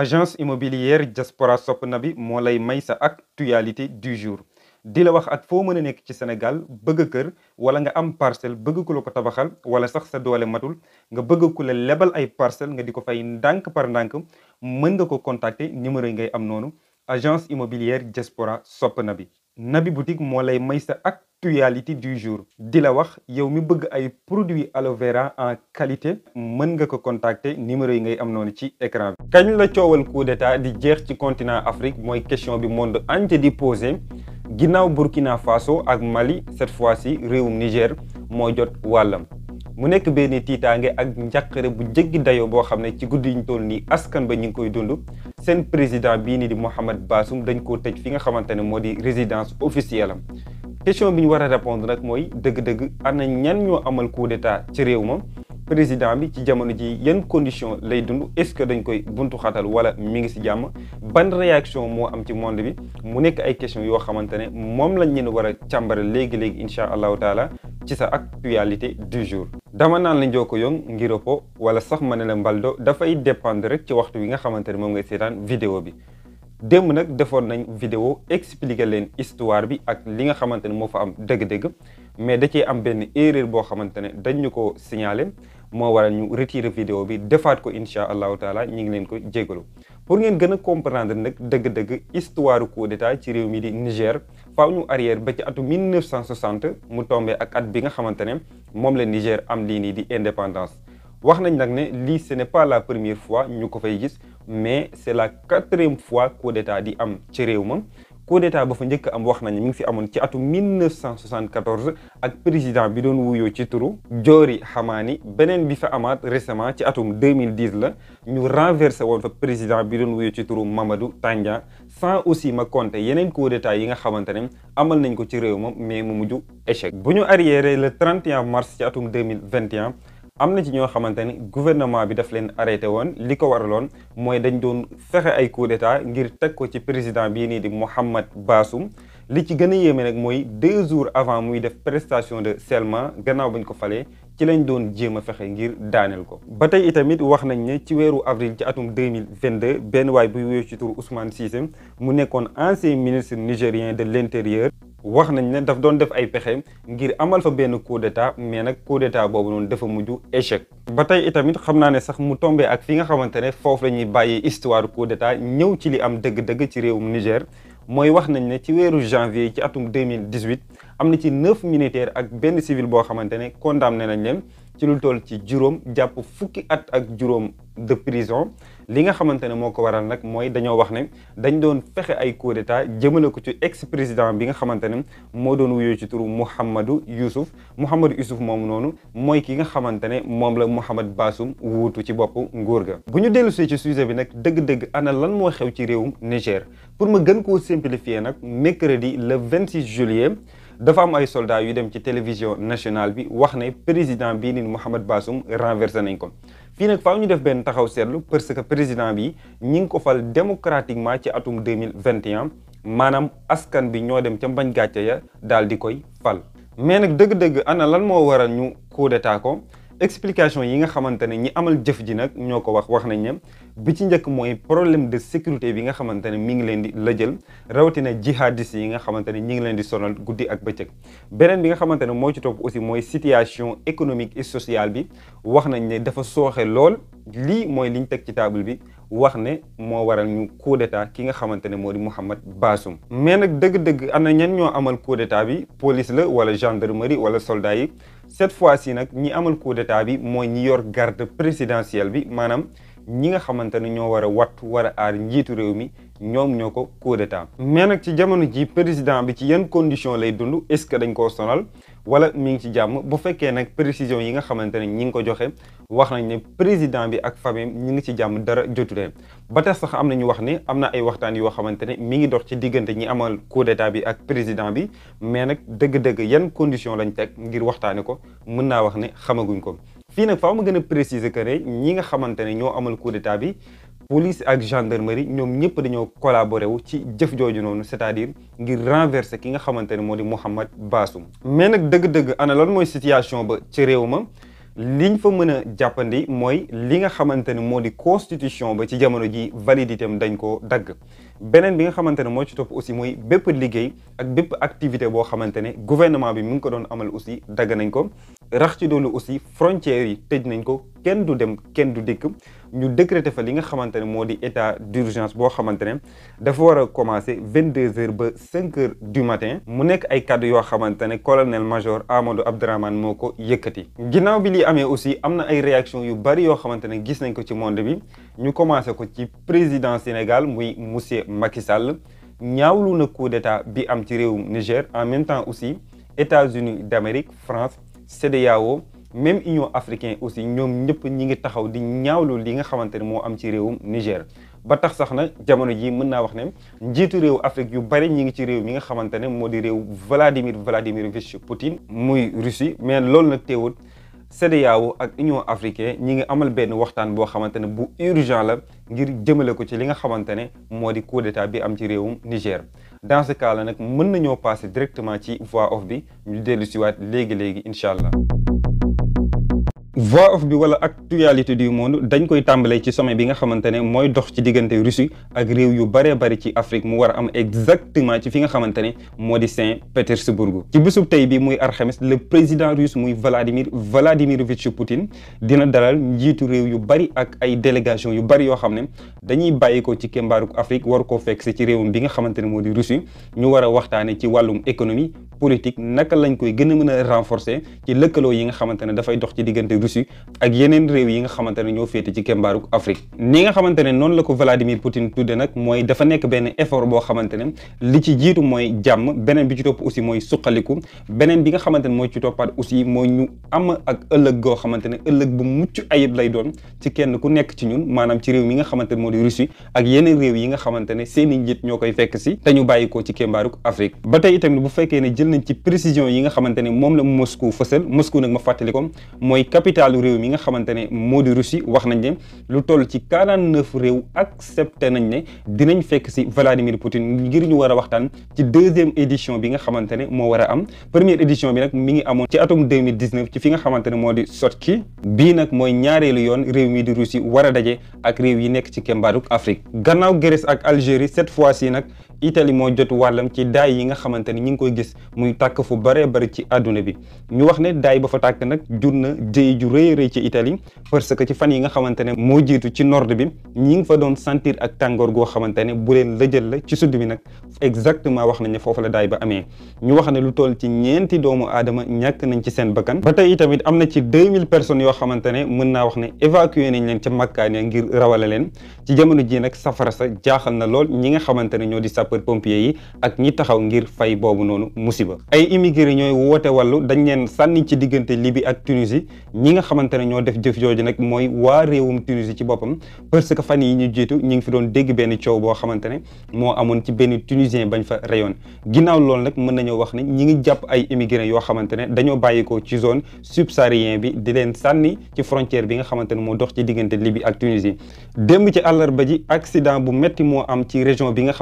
agence immobilière diaspora sopp na bi moo lay may sa ak actualité du jour di la wax ak foo mën a nekk ci Sénégal bëgg kër wala nga am parcelle bëgg ku la ko tabaxal wala sax sa doole matul nga bëgg ku la lebal ay parcelle nga di ko fay ndànk par ndànk mën nga ko contacter numéro yi ngay am noonu agence immobilière diaspora sopp na bi Nabi Boutique moo lay may sa ak actualité du jour di la wax yow mi bëgg ay produits aloe vera en qualité mën nga ko contacter numéro yi ngay am noonu ci écran bi. kañ la coowal coup d'état di jeex ci continent Afrique mooy question bi monde entier di posé ginnaaw Burkina Faso ak Mali cette fois si réewum Niger moo jot wàllam. mu nekk benn tiitaange ak njàqare bu jéggi dayo boo xam ne ci guddi yi ñu nii askan ba ñu ngi koy dund seen président bii nii di Mohamed Bazoum dañ koo tëj fi nga xamante ne moo di résidence officielle am question bi ñu war a répondre nag mooy dëgg-dëgg ana ñan ñoo amal coup d'état ci réew ma président bi ci jamono ji yan condition lay dund est-ce que dañ koy buntu xatal wala mi ngi si jàmm ban réaction moo am ci monde bi mu nekk ay question yoo xamante ne moom lañ leen war a càmbare léegi-léegi incha allahu taala ci sa actualité du jour dama naan la njoo ko yong ngiro po wala sax ma ne la mbaldo dafay dépendre rek ci waxtu wi nga xamante ne moom ngay seetaan vidéo bi démb nag defoon nañ vidéo expliqué leen histoire bi ak li nga xamante ne moo fa am dëgg-dëgg mais da cee am benn erreur boo xamante ne dañ ñu ko signale moo waral ñu retirer vidéo bi defaat ko incha allahu taala ñu ngi leen ko jégalu pour ngeen gën a comprendre nag dëgg-dëgg histoire ko d'état ci réew mi di Niger faaw ñu arrière ba ci atu 1960 mu tombee ak at bi nga xamante ne moom la Niger am lii nii di indépendance wax nañ nag ne lii ce n'est pas la première fois ñu ko fay gis. mais c' est la quatrième fois coup di am ci réew ma coup d' ba fa njëkk am wax nañu mi ngi fi amoon ci atum 1974 ak président bi doon wuyoo ci turu Joori Hamani beneen bi fa amaat récemment ci atum 2010 la ñu renversé woon fa président bi doon wuyoo ci turu mamadu Tandja sans aussi ma compter yeneen coup d' yi nga xamante ne amal nañ ko ci réew ma mais mu mujj échec bu ñu arriéré le 31 mars ci atum 2021 am na ci ñoo xamante ni gouvernement bi daf leen arrêté woon li ko waraloon mooy dañ doon fexe ay coup d'état ngir teg ko ci président bii nii di Mohamed baasum li ci gën a yéeme nag mooy deux jours avant muy def prestation de serment gannaaw bañ ko falee ci lañ doon jéem a fexe ngir daaneel ko ba tey itamit wax nañ ne ci weeru avril ci atum 2022 benn waay buy wéy ci tur Ousmane Cissé mu nekkoon ancien ministre nigérien de l'intérieur wax nañ ne daf doon def ay pexe ngir amal fa benn coup d'état mais nag coup boobu noonu dafa mujj échec. ba tey itamit xam naa ne sax mu tombé ak fi nga xamante ne foofu la ñuy bàyyi histoire coup d'état ñëw ci li am dëgg-dëgg ci réewum Niger mooy wax nañ ne ci weeru janvier ci atum 2018 am na ci neuf militaires ak benn civil boo xamante ne condamné nañ leen ci lu toll ci juróom jàpp fukki at ak juróom de prison. li nga xamante ne moo ko waral nag mooy dañoo wax ne dañ doon fexe ay coup d'état jëmale ko ci ex président bi nga xamante ne moo doon wuyo ci turu Mouhamadou Youssouf Mouhamadou Youssouf moomu noonu mooy ki nga xamante ne moom la Mouhamad Bassoum wuutu ci bopp nguur ga bu ñu dellusee ci sujet bi nag dëgg-dëgg ana lan moo xew ci réewum Niger pour ma gën koo simplifier nag mercredi le 26 juillet dafa am ay soldaa yu dem ci télévision nationale bi wax ne président bii nii Mouhamad Bassoum renversé nañ ko fii nag faaw ñu def benn taxaw seetlu parce que président bi ñi ngi ko fal démocratiquement ci atum 2021 maanaam askan bi ñoo dem ca mbañ gàcce ya daal di koy fal mais nag dëgg-dëgg ana lan moo waral ñu coup d'état ko explication yi nga xamante ne ñi amal jëf ji nag ñoo ko wax wax nañ ne bi ci njëkk mooy problème de sécurité bi nga xamante ne mi ngi leen di la jël rawatina jihadistes yi nga xamante ne ñi ngi leen di sonal guddi ak bëccëg beneen bi nga xamante ne moo ci topp aussi mooy situation économique et sociale bi wax nañ ne dafa sooxe lool lii mooy liñ teg ci table bi wax ne moo waral ñu coup d'état ki nga xamante ne moo di Mohamed baasum mais nag dëgg-dëgg ana ñan ñoo amal coup bi police la wala gendarmerie wala soldat cette fois-ci nag ñi amal coup d'état bi mooy ñi yor garde présidentielle bi maanaam ñi nga xamante ne ñoo war a wattu war aar njiitu réew mi ñoom ñoo ko coup d'état mais nag ci jamono ji président bi ci yan condition lay dund est-ce que dañ koo sonal wala mi ngi ci jàmm bu fekkee nag précision yi nga xamante ne ñi ngi ko joxe wax nañ ne président bi ak famille ñi ngi ci jàmm dara jotu leen ba tax sax am na ñu wax ni am na ay waxtaan yoo xamante ne mi ngi dox ci diggante ñi amal coup d'état bi ak président bi mais nag dëgg-dëgg yan condition lañ teg ngir waxtaane ko mën naa wax ne xamaguñ ko fii nag faaw ma gën a préciser que ne ñi nga xamante ne ñoo amal coup d'état bi police ak gendarmerie ñoom ñëpp dañoo collaboré wu ci jëf jooju noonu cest à ngir renverser ki nga xamante ne moo di Mouhamed Bassoum mais nag dëgg-dëgg ana loolu mooy situation ba ci réew ma liñ fa mën a jàppandi mooy li nga xamante ne moo di constitution ba ci jamono ji validité am dañ ko dagg beneen bi nga xamante ne moo ci topp aussi mooy bépp liggéey ak bépp activité boo xamante ne gouvernement bi mu ngi ko doon amal aussi dagg nañ ko rax ci doolu aussi frontières yi tëj nañ ko kenn du dem kenn du dikk ñu décrété fa li nga xamante ne moo di état d'urgence boo xamante ne dafa war a commencé vingt deux heures ba cinq heures du matin mu nekk ay kaddu yoo xamante ne colonel major Amadou Abdourahmane moo ko yëkkati. ginnaaw bi li amee aussi am na ay réaction yu bari yoo xamante ne gis nañ ko ci monde bi ñu commencé ko ci président Sénégal muy monsieur Macky Sall ñaawlu na coup d'état bi am ci réew Niger en même temps aussi États-Unis d'Amérique France CEDEAO même union africain aussi ñoom ñëpp ñi ngi taxaw di ñaawlu li nga xamante ne moo am ci réewum Niger ba tax sax na jamono ji mën naa wax ne njiitu réew Afrique yu bari ñi ngi ci réew mi nga xamante ne moo di réew Vladimir Vladimirovich Poutine muy Russie mais loolu nag teewut CEDEAO ak Union africain ñi ngi amal benn waxtaan boo xamante ne bu urgent la ngir jëmale ko ci li nga xamante ne moo di coup bi am ci réewum Niger dans ce nag mën nañoo passer directement ci voix off bi ñu dellu siwaat léegi-léegi incha allah voix off bi wala actualité du monde dañ koy tàmbalee ci sommet bi nga xamante ne mooy dox ci diggante Russie ak réew yu baree bari ci Afrique mu war a am exactement ci fi nga xamante ne moo di Saint-Pétersbourg ci bésub tey bi muy alxames le président russe muy Vladimir Vladimirovitch Poutine dina daral njiitu réew yu bari ak ay délégation yu bari yoo xam ne dañuy bàyyi ko ci kembaaruk Afrique war koo fekk si ci réewum bi nga xamante ne moo di Russie ñu war a waxtaane ci wàllum économie politique naka lañ koy gën a mën a renforcer ci lëkkaloo yi nga xamante ne dafay dox ci diggante Russie ak yeneen réew yi nga xamante ne ñoo féete ci kembaaruk Afrique ni nga xamante ne noonu la ko Vladimir Poutine tudde nag mooy dafa nekk benn effort boo xamante ne li ci jiitu mooy jàmm beneen bi ci topp aussi mooy suqaliku beneen bi nga xamante ne mooy ci toppaat aussi mooy am ak ëllëg goo xamante ne ëllëg bu mucc ayib lay doon ci kenn ku nekk ci ñun maanaam ci réew mi nga xamante ne moo di Russie ak yeneen réew yi nga xamante ne seeni njiit ñoo koy fekk si te ñu bàyyi ko ci kembaaruk Afrique ba tey itamit bu fekkee ne jël nañ ci précision yi nga xamante ne moom la Moscou fësal Moscou nag ma fàttali ko mooy capitalu réew mi nga xamante ne moo di Russie wax nañ ne lu toll ci 49 réew accepté nañ ne dinañ fekk si Vladimir Poutine ngir ñu war a waxtaan ci deuxième édition bi nga xamante ne moo war a am première édition bi nag mi ngi amoon ci atum 2019 ci fi nga xamante ne moo di Sotki bii nag mooy ñaareelu yoon réew mi di Russie war a daje ak réew yi nekk ci kembaaruk Afrique gannaaw Grèce ak Algérie Italie moo jot wàllam ci daay yi nga xamante ni ñu ngi koy gis muy tàkk fu bëree bëri ci adduna bi ñu wax ne daay ba fa tàkk nag jur na jëye ju rëy rëy ci itali parce que ci fan yi nga xamante ne moo jiitu ci nord bi ñi ngi fa doon sentir ak tàngoor goo xamante ne bu leen lëjal la ci sud bi nag exactement wax nañ ne foofu la daay ba amee ñu wax ne lu toll ci ñeenti doomu aadama ñàkk nañ ci seen bakkan ba tey itamit am na ci 2000 personnes yoo xamante ne mën naa wax ne évacué nañ leen ca makkaane ngir rawale leen ci jamono ji nag safara sa jaaxal na lool ñi nga xamante ne ñoo di sàpp sapeur pompier yi ak ñi taxaw ngir fay boobu noonu musiba ay immigré ñooy woote wàllu dañ leen sànni ci diggante Libye ak Tunisie ñi nga xamante ne ñoo def jëf jooju nag mooy waa réewum Tunisie ci boppam parce que fan yi ñu jiitu ñi ngi fi doon dégg benn coow boo xamante ne moo amoon ci benn tunisien bañ fa rayoon ginnaaw loolu nag mën nañoo wax ne ñi ngi jàpp ay immigré yoo xamante ne dañoo bàyyikoo ci zone subsaharien bi di leen sànni ci frontière bi nga xamant ne moo dox ci diggante Libye bi nga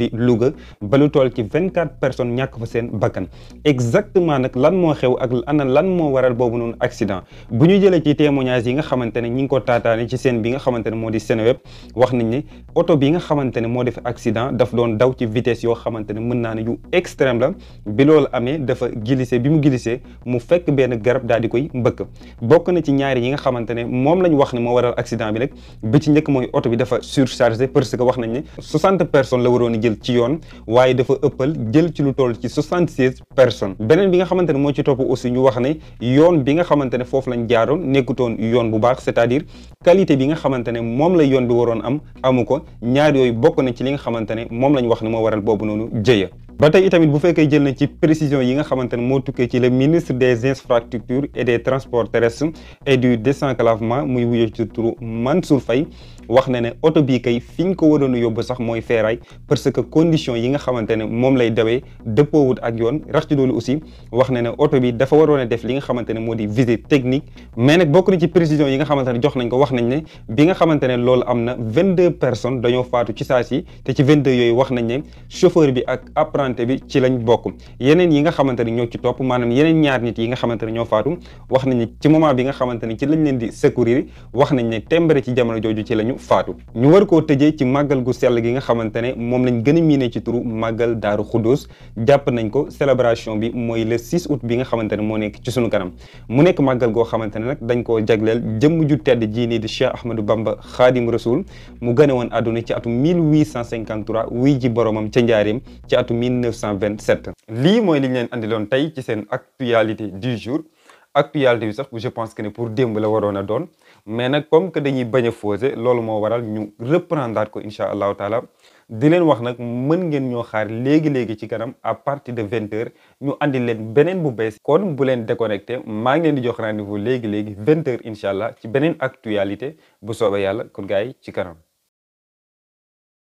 di Louga ba lu toll ci vingt quatre personnes ñàkk fa seen bakkan exactement nag lan moo xew ak ana lan moo waral boobu noonu accident bu ñu jëlee ci témoignage yi nga xamante ne ñi ngi ko taataane ci seen bi nga xamante ne moo di Seneweb wax nañ ne oto bi nga xamante ne moo def accident daf doon daw ci vitesse yoo xamante ne mën naa ne yu extrême la bi loolu amee dafa glissé bi mu glissé mu fekk benn garab daal di koy mbëkk bokk na ci ñaari yi nga xamante ne moom lañ wax ne moo waral accident bi nag bi ci njëkk mooy oto bi dafa surchargé parce que wax nañ ne soixante personnes la waroon ci yoon waaye dafa ëppal jël ci lu toll ci 76 personnes beneen bi nga xamante ne moo ci topp aussi ñu wax ne yoon bi nga xamante ne foofu lañ jaaro nekkutoon yoon bu baax c'est-à-dire qualité bi nga xamante ne moom la yoon bi waroon am amu ko ñaar yooyu bokk na ci li nga xamante ne moom lañ wax ne moo waral boobu noonu jëya ba tey itamit bu fekkee jël na ci précision yi nga xamante ne moo tukkee ci le ministre des infrastructures et des transports terrestres et du désenclavement muy wuyoo ci turu Mansour Faye wax na ne oto bii kay fi ñu ko waroon a yóbbu sax mooy feeraay parce que condition yi nga xamante ne moom lay dawee dëppoowut ak yoon rax ci loolu aussi wax na ne oto bi dafa waroon a def li nga xamante ne moo di visite technique mais nag bokk na ci précision yi nga xamante ne jox nañ ko wax nañ ne bi xamante ne loolu am na vingt deux personnes dañoo faatu ci saa si te ci vingt deux yooyu wax nañ ak santé bi ci lañ bokk yeneen yi nga xamante ne ñoo ci topp maanaam yeneen ñaar nit yi nga xamante ne ñoo wax nañ ne ci moment bi nga xamante ne ci lañ leen di secourir wax nañ ne tembare ci jamono jooju ci la ñu faatu ñu war koo tëjee ci màggal gu sell gi nga xamante ne moom lañ gën a miine ci turu màggal daaru xuddoos jàpp nañ ko célébration bi mooy le 6 août bi nga xamante ne moo nekk ci sunu kanam mu nekk màggal goo xamante ne nag dañ koo jagleel jëmm ju tedd jii nii di Cheikh Ahmadou Bamba Xaadim Rasul mu gane woon àdduna ci atum 1853 wuy ji boromam ca njaareem ci atum 1927. lii mooy li ñu leen andiloon tey ci seen actualité du jour actualité bi sax je pense que ne pour démb la waroon a doon mais nag comme que dañuy bañ a loolu moo waral ñu reprendre ko incha allahu taala di leen wax nag mën ngeen ñoo xaar léegi léegi ci kanam à partir de vingt heures ñu andi leen beneen bu bees. kon bu leen déconnecté maa ngi leen di jox rendez-vous léegi léegi vingt heures incha allah ci beneen actualité bu soobee yàlla kon gars yi ci kanam.